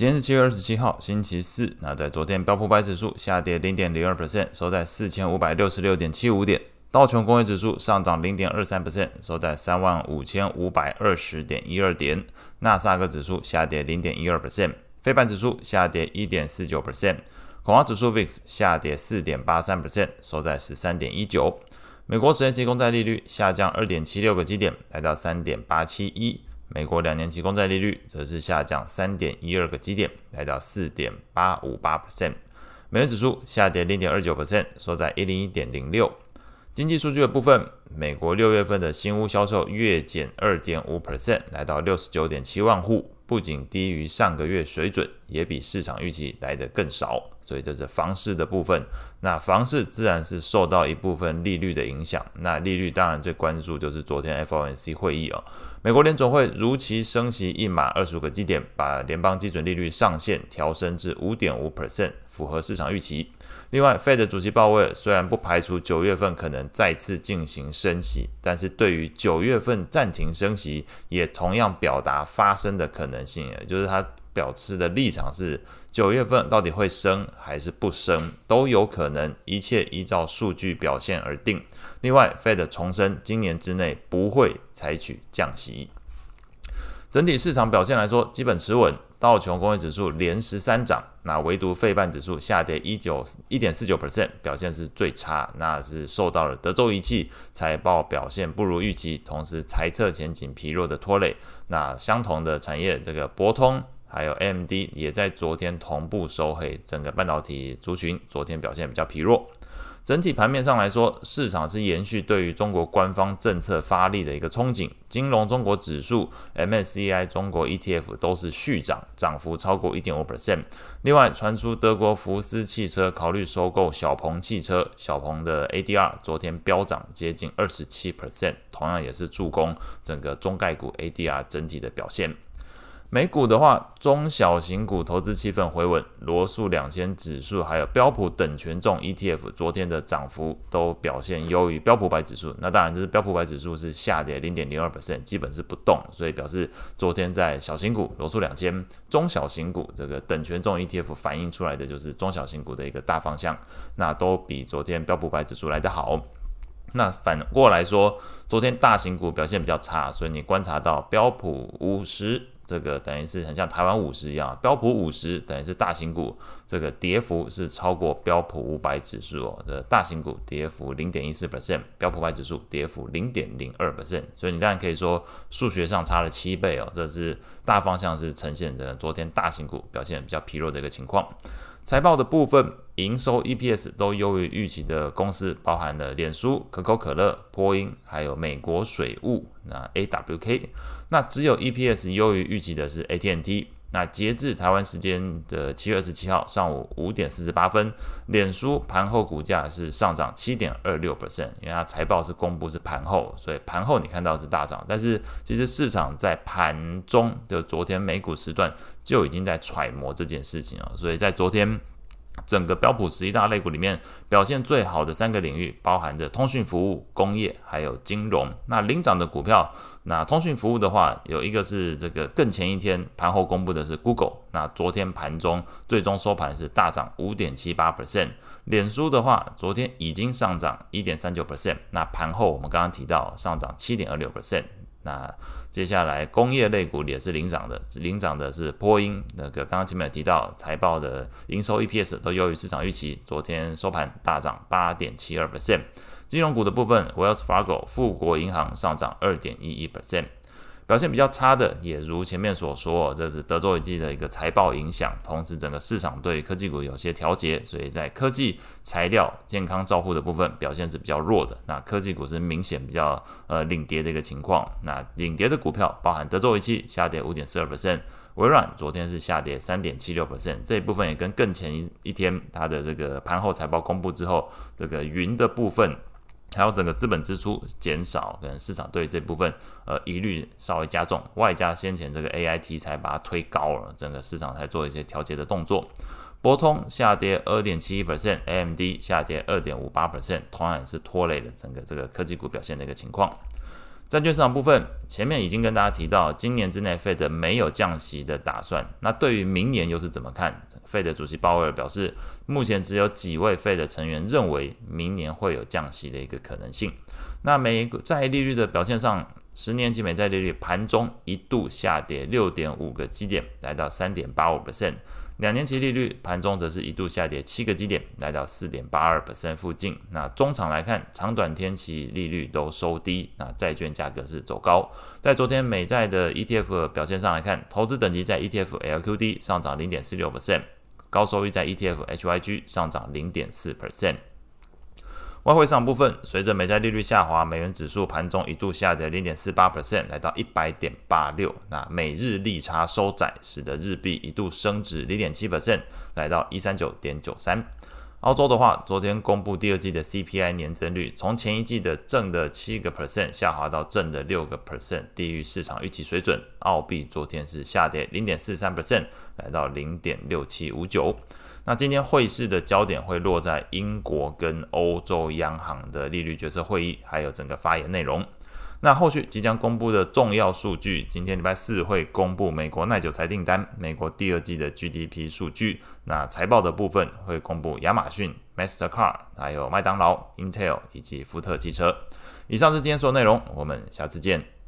今天是七月二十七號，星期四。那在昨天，標普五百指數下跌零點零二 percent，收在四千五百六十六點七五點。道瓊工業指數上漲零點二三 percent，收在三萬五千五百二十點一二點。那斯達克指數下跌零點一二 percent，費半指數下跌一點四九 percent，恐慌指數 VIX 下跌四點八三 percent，收在十三點一九。美國十年期公債利率下降二點七六個基點，來到三點八七一。美國兩年期公債利率則是下降三點一二個基點，來到四點八五八 percent。美元指數下跌零點二九 percent，收在一零一點零六。經濟數據的部分，美國六月份的新屋銷售月減二點五 percent，來到六十九點七萬戶，不僅低於上個月水準，也比市場預期來得更少。所以這是房市的部分。那房市自然是受到一部分利率的影響。那利率當然最關注就是昨天 FOMC 會議哦，美國聯總會如期升息一碼二十五個基點，把聯邦基準利率上限調升至五點五 percent，符合市場預期。另外，FED 主席鮑威爾雖然不排除九月份可能再次進行。升息，但是對於九月份暫停升息，也同樣表達發生的可能性，也就是他表示的立場是，九月份到底會升還是不升，都有可能，一切依照數據表現而定。另外，Fed 重申今年之內不會採取降息。整體市場表現來說，基本持穩。道瓊工業指數連十三漲，那唯獨費半指數下跌一九一點四九 percent，表現是最差。那是受到了德州儀器財報表現不如預期，同時財測前景疲弱的拖累。那相同的產業這個博通。還有 AMD 也在昨天同步收黑，整個半導體族群昨天表現比較疲弱。整體盤面上來說，市場是延續對於中國官方政策發力的一個憧憬。金融中國指數、MSCI 中國 ETF 都是續漲，漲幅超過一點五 percent。另外，傳出德國福斯汽車考慮收購小鵬汽車，小鵬的 ADR 昨天飆漲接近二十七 percent，同樣也是助攻整個中概股 ADR 整體的表現。美股的話，中小型股投資氣氛回穩，羅素兩千指數還有標普等權重 ETF，昨天的漲幅都表現優於標普白指數。那當然，這是標普白指數是下跌零點零二百分，基本是不動，所以表示昨天在小型股羅素兩千、中小型股這個等權重 ETF 反映出來的就是中小型股的一個大方向，那都比昨天標普白指數來得好。那反過來說，昨天大型股表現比較差，所以你觀察到標普五十。這個等於是很像台灣五十一樣，標普五十等於是大型股。這個跌幅是超過標普五百指數哦，的、這個、大型股跌幅零點一四 percent，標普五百指數跌幅零點零二 percent，所以你當然可以說數學上差了七倍哦，這是大方向是呈現着昨天大型股表現比較疲弱的一個情況。財報的部分，營收 EPS 都優於預期的公司，包含了臉書、可口可樂、波音，還有美國水務那 AWK，那只有 EPS 優於預期的是 AT&T。T, 那截至台灣時間的七月二十七號上午五點四十八分，臉書盤後股價是上漲七點二六 percent，因為它財報是公布是盤後，所以盤後你看到是大漲，但是其實市場在盤中的昨天美股時段就已經在揣摩這件事情了、哦。所以在昨天。整個標普十一大類股裡面表現最好的三個領域，包含着通訊服務、工業還有金融。那領漲的股票，那通訊服務的話，有一個是這個更前一天盤後公布的是 Google，那昨天盤中最終收盤是大漲五點七八 percent。臉書的話，昨天已經上漲一點三九 percent，那盤後我們剛剛提到上漲七點二六 percent。那接下來工業類股也是領漲的，領漲的是波音，那個剛剛前面也提到財報的營收 EPS 都優於市場預期，昨天收盤大漲八點七二 percent。金融股的部分，Wells Fargo 富國銀行上漲二點一一 percent。表現比較差的也如前面所說，這是德州儀器的一個財報影響，同時整個市場對科技股有些調節，所以在科技、材料、健康照護的部分表現是比較弱的。那科技股是明顯比較呃領跌的一個情況。那領跌的股票包含德州儀器下跌五點四二%，微軟昨天是下跌三點七六%，這一部分也跟更前一天它的這個盤後財報公布之後這個雲的部分。還有整個資本支出減少，可能市場對這部分呃疑慮稍微加重，外加先前這個 AI 題材把它推高了，整個市場才做一些調節的動作。博通，嗯，下跌二點七一 percent，AMD 下跌二點五八 percent，同樣也是拖累了整個這個科技股表現的一個情況。債券市場部分，前面已經跟大家提到，今年之內費德沒有降息的打算。那對於明年又是怎麼看？費德主席鮑威爾表示，目前只有幾位費德成員認為明年會有降息的一個可能性。那美國在利率的表現上。十年期美債利率盤中一度下跌六點五個基點，來到三點八五%。兩年期利率盤中則是一度下跌七個基點，來到四點八二%附近。那中場來看，長短天期利率都收低，那債券價格是走高。在昨天美債的 ETF 表現上來看，投資等級在 ETF LQD 上漲零點四六%，高收益在 ETF HYG 上漲零點四%。.外匯上部分，隨着美債利率下滑，美元指數盤中一度下跌零點四八 percent，來到一百點八六。那美日利差收窄，使得日幣一度升值零點七 percent，來到一三九點九三。澳洲的話，昨天公布第二季的 CPI 年增率，從前一季的正的七個 percent 下滑到正的六個 percent，低於市場預期水準。澳幣昨天是下跌零點四三 percent，來到零點六七五九。那今天匯市的焦點會落在英國跟歐洲央行的利率決策會議，還有整個發言內容。那後續即將公布的重要數據，今天禮拜四會公布美國耐久財訂單，美國第二季的 GDP 數據。那財報的部分會公布亞馬遜、MasterCard，還有麥當勞、Intel 以及福特汽車。以上是今天所有內容，我們下次見。